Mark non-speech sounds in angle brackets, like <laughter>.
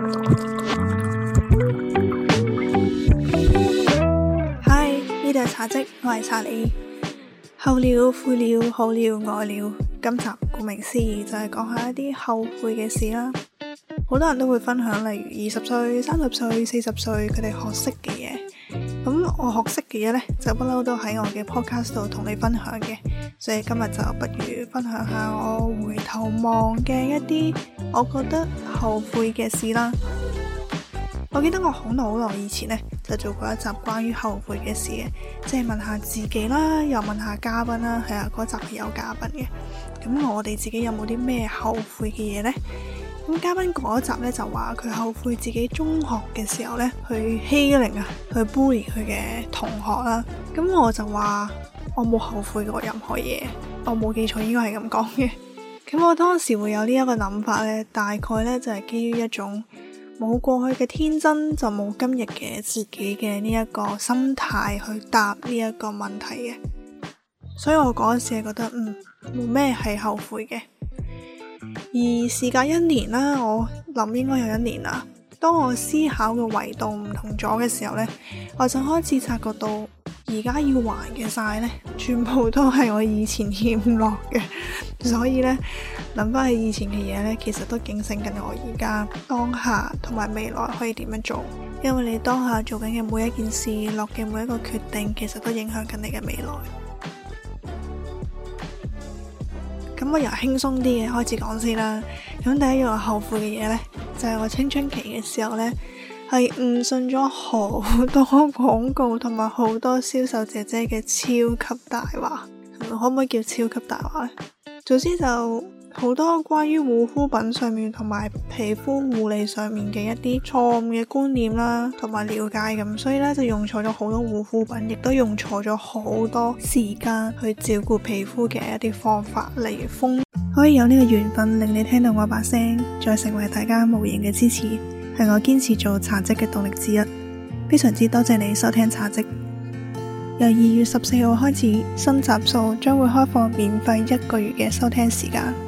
Hi，呢度係茶嘖，我係查理。後了、悔了、好了、愛了。今集顧名思義就係講下一啲後悔嘅事啦。好多人都會分享，例如二十歲、三十歲、四十歲佢哋學識嘅嘢。我學識嘅嘢呢，就不嬲都喺我嘅 podcast 度同你分享嘅，所以今日就不如分享下我回頭望嘅一啲我覺得後悔嘅事啦。我記得我好耐好耐以前呢，就做過一集關於後悔嘅事嘅，即係問下自己啦，又問下嘉賓啦，係啊，嗰集係有嘉賓嘅。咁我哋自己有冇啲咩後悔嘅嘢呢？咁嘉賓嗰一集咧就話佢後悔自己中學嘅時候咧去欺凌啊，去 bully 佢嘅同學啦。咁我就話我冇後悔過任何嘢，我冇記錯應該係咁講嘅。咁我當時會有呢一個諗法咧，大概咧就係基於一種冇過去嘅天真，就冇今日嘅自己嘅呢一個心態去答呢一個問題嘅。所以我嗰時係覺得嗯，冇咩係後悔嘅。而時隔一年啦，我諗應該有一年啦。當我思考嘅維度唔同咗嘅時候呢，我就開始察覺到，而家要還嘅晒呢，全部都係我以前欠落嘅。 <laughs> 所以呢，諗翻起以前嘅嘢呢，其實都警醒緊我而家當下同埋未來可以點樣做。因為你當下做緊嘅每一件事，落嘅每一個決定，其實都影響緊你嘅未來。咁我由輕鬆啲嘅開始講先啦。咁第一樣我後悔嘅嘢呢，就係我青春期嘅時候呢，係誤信咗好多廣告同埋好多銷售姐姐嘅超級大話。嗯，可唔可以叫超級大話呢？總之就～好多關於護膚品上面同埋皮膚護理上面嘅一啲錯誤嘅觀念啦，同埋了解咁，所以咧就用錯咗好多護膚品，亦都用錯咗好多時間去照顧皮膚嘅一啲方法。例如風可以有呢個緣分令你聽到我把聲，再成為大家無形嘅支持，係我堅持做茶嘖嘅動力之一。非常之多謝你收聽茶嘖。由二月十四號開始，新集數將會開放免費一個月嘅收聽時間。